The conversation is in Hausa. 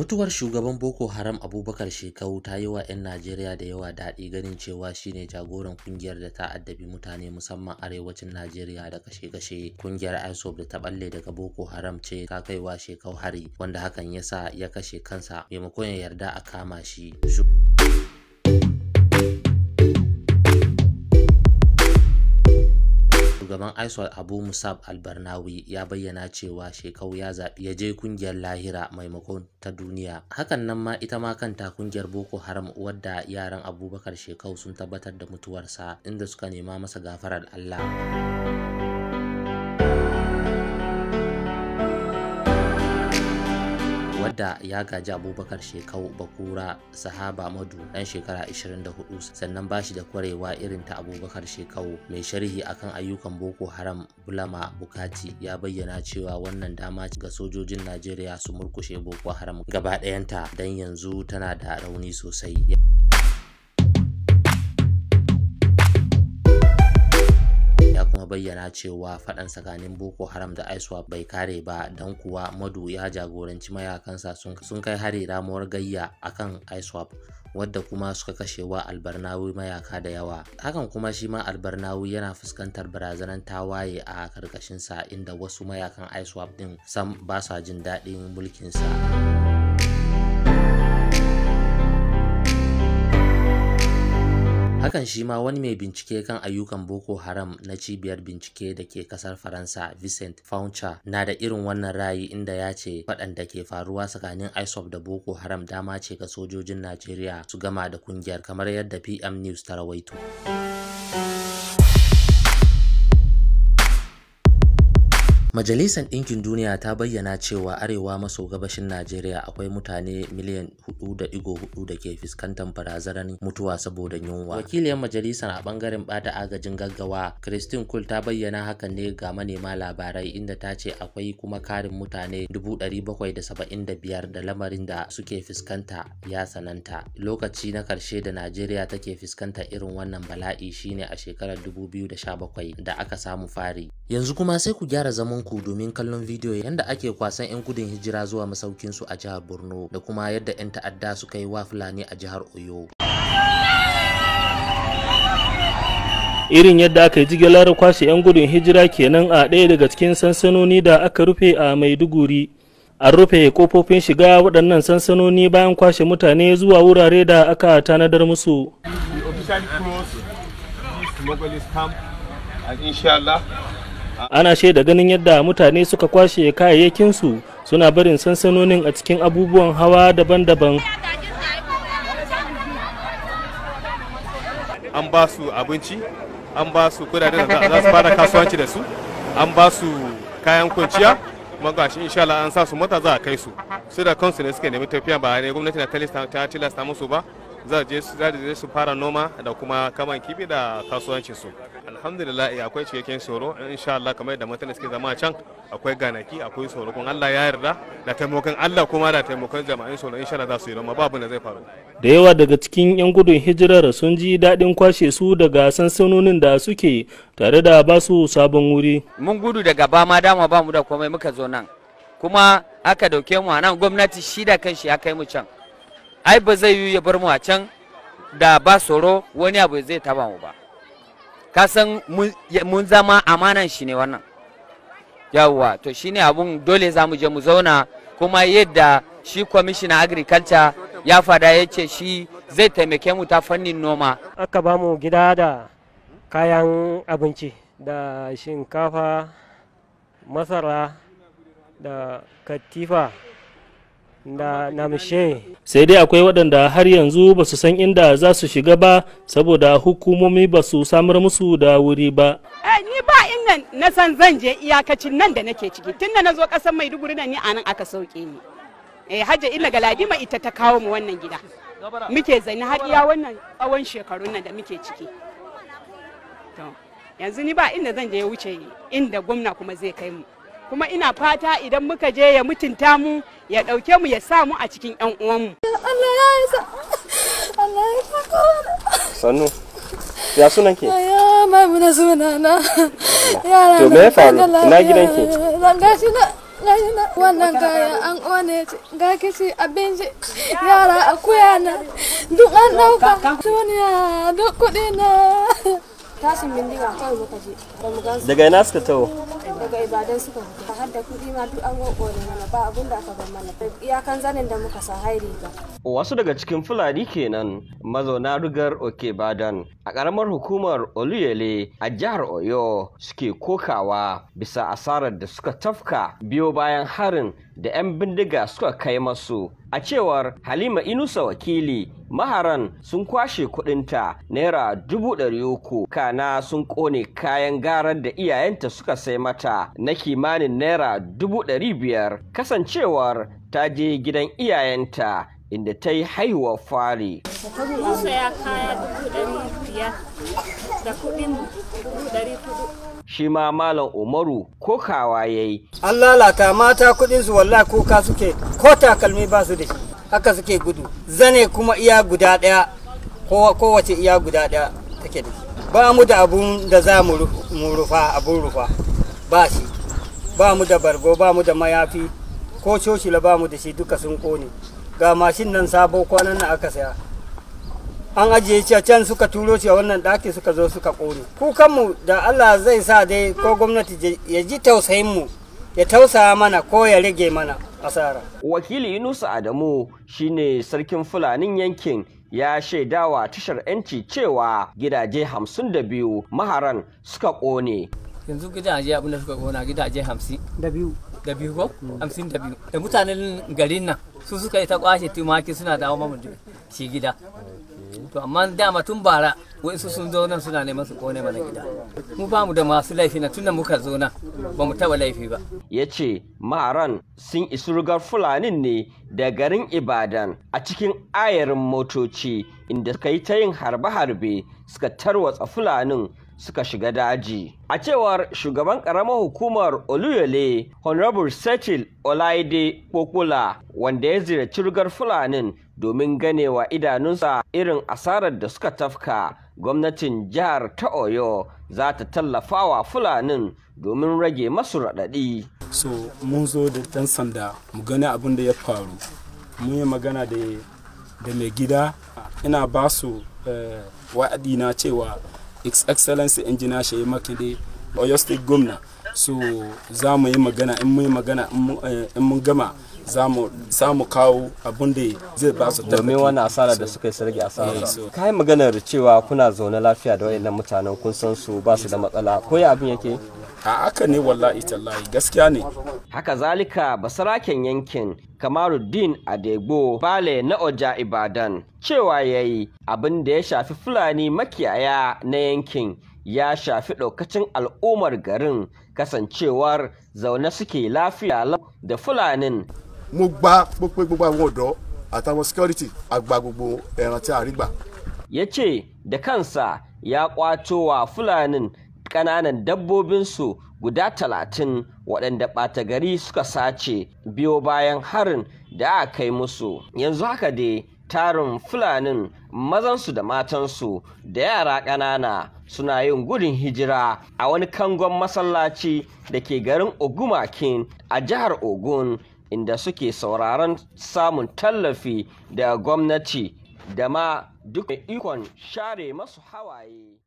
Mutuwar shugaban Boko Haram Abubakar Shekau ta yi wa 'yan Najeriya da yawa daɗi ganin cewa shine jagoran ƙungiyar da ta addabi mutane musamman arewacin Najeriya da kashe-kashe. ƙungiyar ISOP da ta balle daga Boko Haram ce ta kaiwa Shekau hari wanda hakan ya sa ya kashe kansa maimakon ya yarda a kama shi. shugaban isol abu musab albarnawi ya bayyana cewa shekau ya zaɓi ya je kungiyar lahira maimakon ta duniya hakan nan ma ita ma kanta kungiyar boko haram wadda yaran abubakar shekau sun tabbatar da mutuwarsa inda suka nema masa gafarar allah da ya gaji abubakar shekau bakura sahaba madu ɗan shekara 24 sannan ba shi da kwarewa irin ta abubakar shekau mai sharhi akan ayyukan boko haram bulama bukati ya bayyana cewa wannan dama ga sojojin najeriya su murkushe boko haram gaba ɗayanta dan yanzu tana da rauni sosai kuma bayyana cewa faɗan tsakanin Boko Haram da iswaf bai kare ba don kuwa Madu ya jagoranci mayakansa sun kai hari ramuwar gayya akan iswaf wadda kuma suka kashe wa albarnawi mayaka da yawa hakan kuma shi ma albarnawi yana fuskantar barazanar tawaye a karkashinsa inda wasu mayakan iswap din sam ba sa jin daɗin mulkinsa. Hakan shi ma wani mai bincike kan ayyukan Boko Haram na cibiyar bincike da ke kasar Faransa Vincent Faucha na da irin wannan ra'ayi inda ya ce faɗan da ke faruwa tsakanin ISOP da Boko Haram dama ce ga sojojin Najeriya su gama da kungiyar kamar yadda PM News ta rawaito. Majalisar Ɗinkin Duniya ta bayyana cewa arewa maso gabashin Najeriya akwai mutane miliyan 4.4 da ke fuskantar barazanar mutuwa saboda yunwa. Wakiliyar majalisar a bangaren bada agajin gaggawa, Christine Kul ta bayyana hakan ne ga manema labarai inda ta ce akwai kuma karin mutane 775 da lamarin da suke fuskanta ya sananta. Lokaci na karshe da Najeriya take fuskanta irin wannan bala'i shine a shekarar 2017 da aka samu fari. Yanzu kuma sai ku gyara zaman ku domin kallon bidiyo yadda ake kwasan 'yan gudun hijira zuwa masaukin su a jihar Borno da kuma yadda 'yan ta'adda suka yi wa Fulani a jihar Oyo. irin yadda aka yi jigilar kwashe 'yan gudun hijira kenan a ɗaya daga cikin sansanoni da aka rufe a maiduguri an rufe kofofin shiga waɗannan sansanoni bayan kwashe mutane zuwa wurare da aka tanadar musu ana shaida ganin yadda mutane suka kwashe kayayyakinsu suna barin sansanonin a cikin abubuwan hawa daban-daban an ba su abinci an ba su kudade da za su fara kasuwanci da su an ba su kayan kwanciya magashi insha Allah an sa su mota za a kai su su da kansu ne suke nemi tafiya ba ne gwamnati na ta tilasta musu ba za je su fara noma da kuma kaman kibi da kasuwancin su alhamdulillah eh, akwai cikakken tsoro sha Allah kamar da mutane suke zama can akwai ganaki akwai tsoro kun Allah ya yarda da taimakon Allah kuma da taimakon jama'in tsoro sha Allah za su yi rama babu na zai faru da yawa daga cikin yan gudun hijirar sun ji daɗin kwashe su daga sansanonin da suke tare da ba su sabon wuri mun gudu daga ba ma dama ba mu da komai muka zo nan kuma aka dauke mu a nan gwamnati shi da kanshi ya kai mu can ai ba zai yi ya bar mu a can da ba tsoro wani abu zai taba mu ba ka san mun zama amanan shi ne wannan yawwa to shine abun dole za mu je mu zauna kuma yadda shi kwamishina agriculture ya fada ya ce shi zai taimake mu ta fannin noma aka ba mu gida da kayan abinci da shinkafa masara da katifa na, na mishe sai dai akwai waɗanda har yanzu ba su san inda za su shiga ba saboda hukumomi ba su samar musu da wuri ba eh, ni ba nan na san zan je iyakacin nan da nake ciki tun da na zo ƙasar maiduguri nan ni a nan aka sauke ni eh hajja illa galadima ita ta kawo mu wannan gida muke zani har iya wannan tsawon shekarun nan da muke ciki yanzu ni ba inda zan je wuce inda gwamna kuma zai kai mu kuma ina fata idan muka je ya mutunta mu ya ɗauke mu ya sa mu a cikin 'yan uwanmu. Sannu, ya sunan ke? Ya maimuna suna na. To me faru? Na gidan ke? Gashi na gashi na wannan kaya an one ga kishi abinci yara akuya na duk an ɗauka. Duniya duk kuɗi na. tashin bindiga kawai muka je daga ina suka taho daga ibadan suka fita har hadda kuɗi ma duk an gogore mana ba abin da aka ban mana iyakan zanin da muka sa hairi ba Wasu daga cikin Fulani kenan mazauna rugar badan, a ƙaramar hukumar Oluyele a jihar Oyo suke kokawa bisa asarar da suka tafka biyo bayan harin da 'yan bindiga suka kai masu. A cewar Halima Inusa wakili maharan sun kwashe kudinta naira dubu ɗari uku kana sun kone kayan garar da iyayenta suka sai mata na kimanin naira dubu ɗari biyar kasancewar ta je gidan iyayenta inda ta yi haihuwar fari. kaya dubu ɗari da kuɗin dubu ɗari Shi ma Malam Umaru kawa ya yi. An lalata mata kuɗinsu wallahi kuka suke ko takalmi ba su da shi haka suke gudu zane kuma iya guda ɗaya kowace iya guda ɗaya take da shi. Ba mu da abun da za mu rufa abun rufa ba shi ba mu da bargo ba mu da mayafi ko coci la ba mu da shi duka sun ƙone. ga mashin nan sabo kwanan nan aka saya an ajiye shi a can suka turo shi a wannan ɗaki suka zo suka ƙone kukanmu da allah zai sa dai ko gwamnati ya ji mu ya tausaya mana ko ya rage mana asara wakili yunusa adamu shine sarkin fulanin yankin ya shaidawa tashar yanci cewa gidaje hamsin da biyu maharan suka ƙone yanzu gidaje abinda suka ƙona gidaje hamsin da biyu da biyu ko hamsin da biyu da mutanen garin nan su suka yi ta kwashe tumaki suna dawo mamu shi gida to amma dama tun bara wasu sun zo nan suna neman su kone mana gida mu ba mu da masu laifi na tunda muka zo nan ba mu taba laifi ba ya ce ma'aran sun isu rugar fulanin ne da garin ibadan a cikin ayarin motoci inda suka yi ta yin harbe-harbe suka tarwatsa fulanin suka shiga daji. A cewar shugaban ƙaramar hukumar Oluyole, Honorable Cecil Olaide Kokula, wanda ya ziyarci rugar Fulanin domin ganewa idanunsa irin asarar da suka tafka, gwamnatin jihar ta Oyo za ta tallafa wa Fulanin domin rage masu raɗaɗi. So, mun zo da ɗan sanda, mu gani abin da ya faru. Mun yi magana da mai gida, ina ba su eh, wa'adi na cewa His Excellency Engineer Shehi Makinde Oyo State Gwamna. So za mu yi magana in mun yi magana in mun eh, gama za mu kawo abin da zai ba su domin wani asara da suka yi su asara eh, ka yi maganar cewa kuna zaune lafiya da wayannan mutanen kun san su ba su da matsala ko ya abin yake a aka ne wallahi tallahi gaskiya ne haka zalika basaraken yankin kamaruddin adegbo bale na oja ibadan cewa yayi abin da ya shafi fulani makiyaya na yankin ya shafi ɗaukacin al'ummar garin kasancewar zaune suke lafiya da fulanin mo gba pé gbogbo àwọn ọ̀dọ́ àtàwọn security àgbà gbogbo ẹran tí a rí gbà. ya ce da kansa ya kwato wa fulanin ƙananan dabbobinsu guda talatin waɗanda ɓata gari suka sace biyo bayan harin da aka kai musu yanzu haka dai tarin fulanin mazansu da matansu da yara ƙanana suna yin gudun hijira a wani kangon masallaci da ke garin ogumakin a jihar ogun inda suke sauraron samun tallafi daga gwamnati da ma duk ikon share masu hawaye